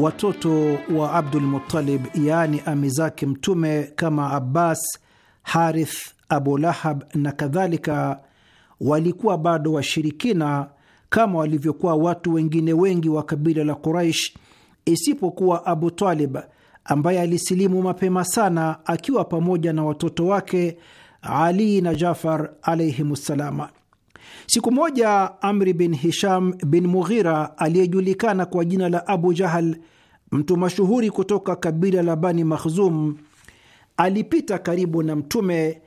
watoto wa Abdul Muttalib, yaani ami zake Mtume kama Abbas, Harith, Abu Lahab na kadhalika, walikuwa bado washirikina kama walivyokuwa watu wengine wengi wa kabila la Quraish, isipokuwa Abu Talib ambaye alisilimu mapema sana akiwa pamoja na watoto wake Ali na Jafar ssalama. Siku moja Amri bin Hisham bin Mughira aliyejulikana kwa jina la Abu Jahal, mtu mashuhuri kutoka kabila la Bani Makhzum, alipita karibu na Mtume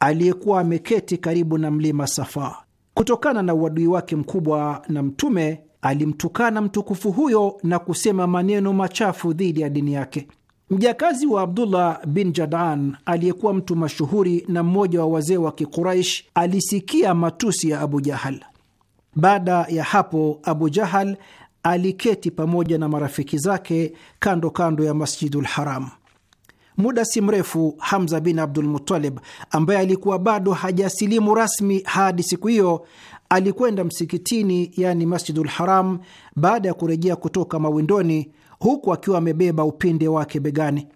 aliyekuwa ameketi karibu na mlima Safa. Kutokana na uadui wake mkubwa na Mtume, alimtukana mtukufu huyo na kusema maneno machafu dhidi ya dini yake. Mjakazi wa Abdullah bin Jadan aliyekuwa mtu mashuhuri na mmoja wa wazee wa Kiquraish alisikia matusi ya Abu Jahal. Baada ya hapo, Abu Jahal aliketi pamoja na marafiki zake kando kando ya Masjidul Haram. Muda si mrefu Hamza bin Abdul Muttalib ambaye alikuwa bado hajasilimu rasmi hadi siku hiyo alikwenda msikitini, yani Masjidul Haram, baada ya kurejea kutoka mawindoni, huku akiwa amebeba upinde wake begani.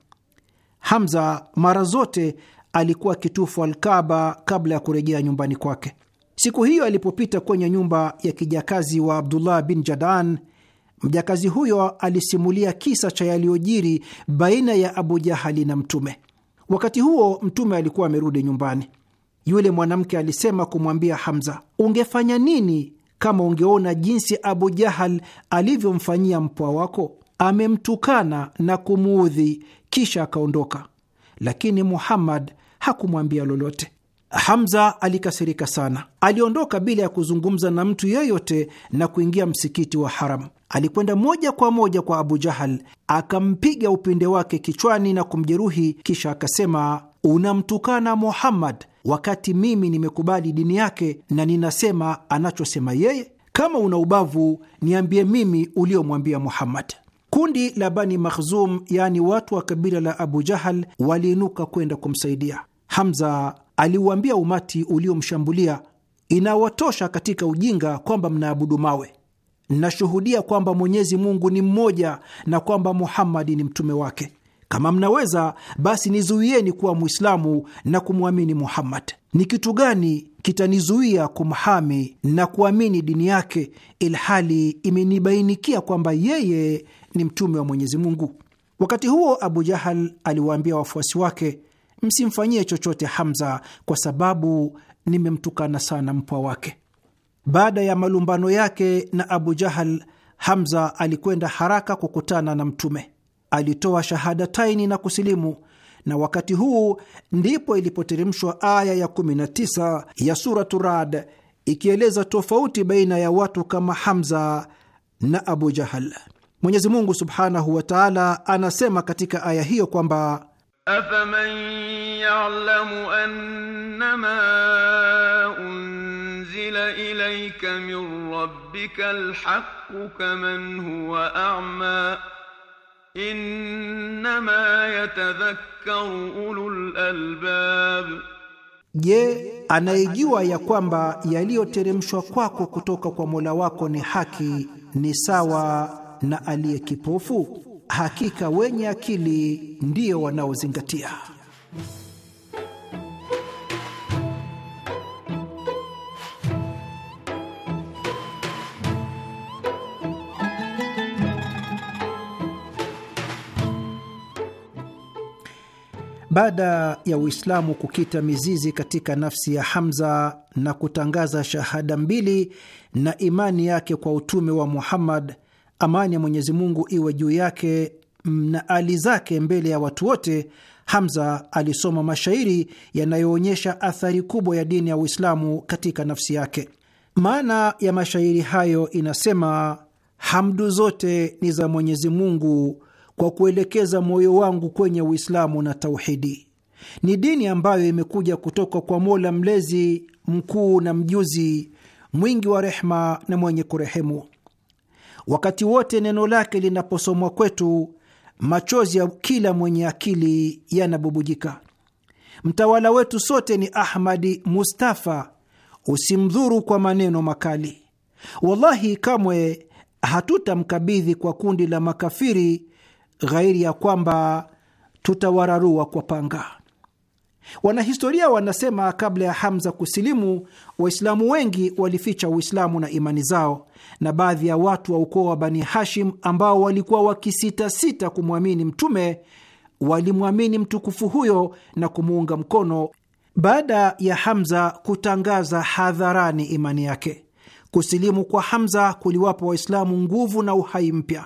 Hamza mara zote alikuwa kitufu Alkaba kabla ya kurejea nyumbani kwake. Siku hiyo alipopita kwenye nyumba ya kijakazi wa Abdullah bin Jadaan Mjakazi huyo alisimulia kisa cha yaliyojiri baina ya Abu Jahali na Mtume. Wakati huo Mtume alikuwa amerudi nyumbani. Yule mwanamke alisema kumwambia Hamza, ungefanya nini kama ungeona jinsi Abu Jahal alivyomfanyia mpwa wako? Amemtukana na kumuudhi, kisha akaondoka. Lakini Muhammad hakumwambia lolote. Hamza alikasirika sana, aliondoka bila ya kuzungumza na mtu yeyote na kuingia msikiti wa haramu alikwenda moja kwa moja kwa Abu Jahal, akampiga upinde wake kichwani na kumjeruhi, kisha akasema, unamtukana Muhammad wakati mimi nimekubali dini yake na ninasema anachosema yeye. Kama una ubavu niambie mimi uliomwambia Muhammad. Kundi la Bani Makhzum, yaani watu wa kabila la Abu Jahal, waliinuka kwenda kumsaidia Hamza. Aliuambia umati uliomshambulia, inawatosha katika ujinga kwamba mnaabudu mawe nashuhudia kwamba Mwenyezi Mungu ni mmoja na kwamba Muhammadi ni mtume wake. Kama mnaweza basi nizuieni kuwa Mwislamu na kumwamini Muhammad. Ni kitu gani kitanizuia kumhami na kuamini dini yake, ilhali imenibainikia kwamba yeye ni mtume wa Mwenyezi Mungu? Wakati huo Abu Jahal aliwaambia wafuasi wake, msimfanyie chochote Hamza kwa sababu nimemtukana sana mpwa wake. Baada ya malumbano yake na Abu Jahal, Hamza alikwenda haraka kukutana na Mtume. Alitoa shahadataini na kusilimu, na wakati huu ndipo ilipoteremshwa aya ya 19 ya Suratu Rad ikieleza tofauti baina ya watu kama Hamza na Abu Jahal. Mwenyezi Mungu subhanahu wa taala anasema katika aya hiyo kwamba afaman yalamu annama un إِلَيْكَ مِنْ رَبِّكَ الْحَقُّ كَمَنْ هُوَ أَعْمَى إِنَّمَا يَتَذَكَّرُ أُولُو الْأَلْبَابِ Je, anayejua ya kwamba yaliyoteremshwa kwako kutoka kwa Mola wako ni haki ni sawa na aliye kipofu? Hakika wenye akili ndiyo wanaozingatia. Baada ya Uislamu kukita mizizi katika nafsi ya Hamza na kutangaza shahada mbili na imani yake kwa utume wa Muhammad, amani ya Mwenyezi Mungu iwe juu yake na ali zake, mbele ya watu wote, Hamza alisoma mashairi yanayoonyesha athari kubwa ya dini ya Uislamu katika nafsi yake. Maana ya mashairi hayo inasema: hamdu zote ni za Mwenyezi Mungu kwa kuelekeza moyo wangu kwenye Uislamu na tauhidi. Ni dini ambayo imekuja kutoka kwa Mola Mlezi, mkuu na mjuzi, mwingi wa rehma na mwenye kurehemu. Wakati wote neno lake linaposomwa kwetu, machozi ya kila mwenye akili yanabubujika. Mtawala wetu sote ni Ahmadi Mustafa, usimdhuru kwa maneno makali. Wallahi, kamwe hatutamkabidhi kwa kundi la makafiri ghairi ya kwamba tutawararua kwa panga. Wanahistoria wanasema kabla ya Hamza kusilimu, Waislamu wengi walificha Uislamu na imani zao, na baadhi ya watu wa ukoo wa Bani Hashim ambao walikuwa wakisitasita kumwamini Mtume walimwamini mtukufu huyo na kumuunga mkono baada ya Hamza kutangaza hadharani imani yake. Kusilimu kwa Hamza kuliwapa Waislamu nguvu na uhai mpya.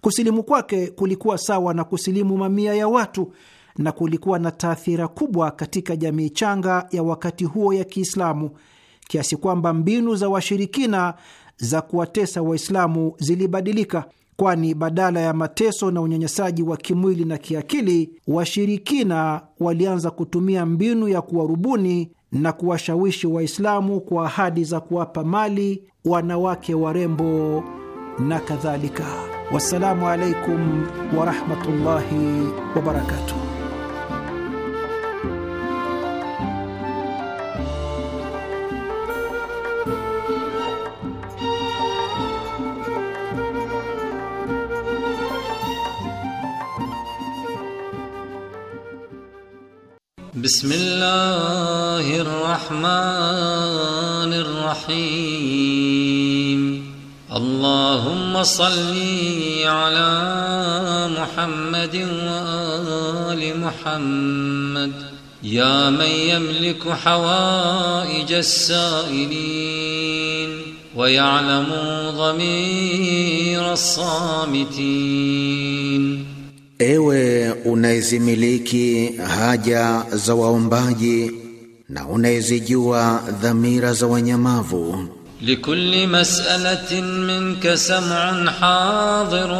Kusilimu kwake kulikuwa sawa na kusilimu mamia ya watu na kulikuwa na taathira kubwa katika jamii changa ya wakati huo ya Kiislamu kiasi kwamba mbinu za washirikina za kuwatesa Waislamu zilibadilika, kwani badala ya mateso na unyanyasaji wa kimwili na kiakili, washirikina walianza kutumia mbinu ya kuwarubuni na kuwashawishi Waislamu kwa ahadi za kuwapa mali, wanawake warembo na kadhalika. والسلام عليكم ورحمه الله وبركاته بسم الله الرحمن الرحيم اللهم صل على محمد وآل محمد يا من يملك حوائج السائلين ويعلم ضمير الصامتين Ewe unayezimiliki haja za waombaji na unayezijua dhamira za wanyamavu لكل مسألة منك سمع حاضر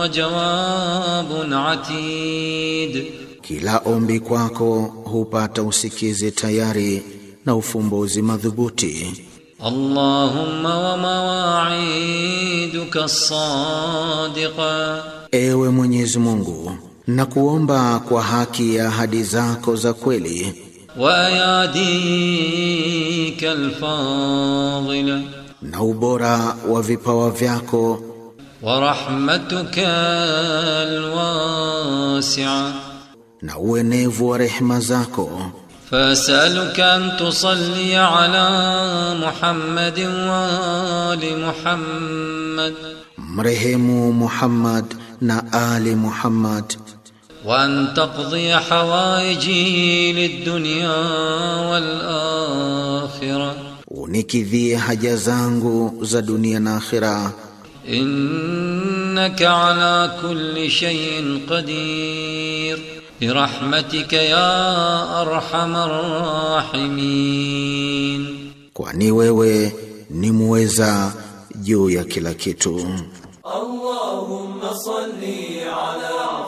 وجواب عتيد kila ombi kwako hupata usikizi tayari na ufumbuzi madhubuti Allahumma wa mawaiduka sadiqa Ewe Mwenyezi Mungu nakuomba kwa haki ya ahadi zako za kweli وأياديك الفاضلة نوبرا وفيباوا فياكو ورحمتك الواسعة نوينيفو رحمة زاكو فأسألك أن تصلي على محمد وآل محمد مرهم محمد نآل محمد وأن تقضي حوائجي للدنيا والآخرة unikidhie haja zangu za dunia na akhira innaka ala kulli shay'in qadir birahmatika ya kwani wewe ni muweza juu ya kila kitu allahumma salli ala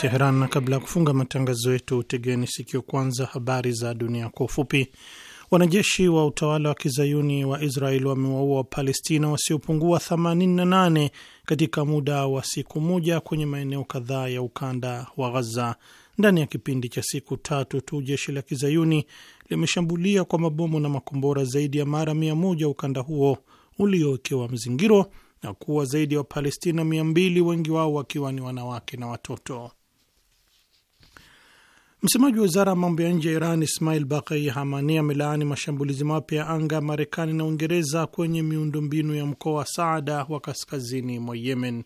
Teheran, na kabla ya kufunga matangazo yetu, tegeni sikio kwanza habari za dunia kwa ufupi. Wanajeshi wa utawala wa kizayuni wa Israel wamewaua Wapalestina wasiopungua 88 katika muda wa siku moja kwenye maeneo kadhaa ya ukanda wa Ghaza. Ndani ya kipindi cha siku tatu tu jeshi la kizayuni limeshambulia kwa mabomu na makombora zaidi ya mara 1 ukanda huo uliowekewa mzingiro na kuwa zaidi ya Wapalestina 2 wengi wao wakiwa ni wanawake na watoto. Msemaji wa wizara ya mambo ya nje ya Iran Ismail Bakai Hamani amelaani mashambulizi mapya ya anga Marekani na Uingereza kwenye miundombinu ya mkoa wa Saada wa kaskazini mwa Yemen.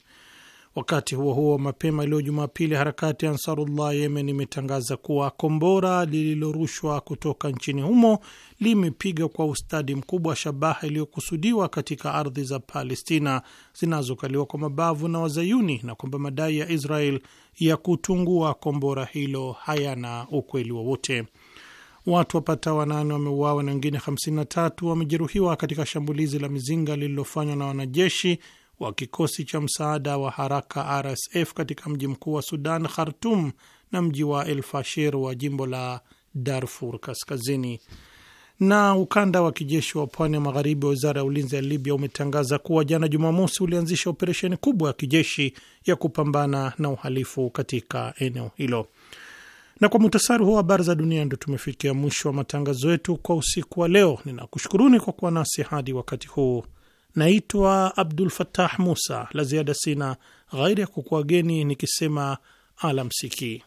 Wakati huo huo, mapema leo Jumapili, harakati ya Ansarullah Yemen imetangaza kuwa kombora lililorushwa kutoka nchini humo limepiga kwa ustadi mkubwa shabaha iliyokusudiwa katika ardhi za Palestina zinazokaliwa kwa mabavu na Wazayuni, na kwamba madai ya Israel ya kutungua kombora hilo hayana ukweli wowote. Watu wapatao wanane wameuawa na wengine 53 wamejeruhiwa katika shambulizi la mizinga lililofanywa na wanajeshi wa kikosi cha msaada wa haraka RSF katika mji mkuu wa Sudan, Khartum, na mji wa El Fashir wa jimbo la Darfur Kaskazini. Na ukanda wa kijeshi wa pwani ya magharibi wa wizara ya ulinzi ya Libya umetangaza kuwa jana Jumamosi ulianzisha operesheni kubwa ya kijeshi ya kupambana na uhalifu katika eneo hilo. Na kwa muhtasari huo habari za dunia, ndio tumefikia mwisho wa matangazo yetu kwa usiku wa leo. Ninakushukuruni kwa kuwa nasi hadi wakati huu. Naitwa Abdul Fattah Musa. La ziada sina ghairi ya kukuageni nikisema alamsiki.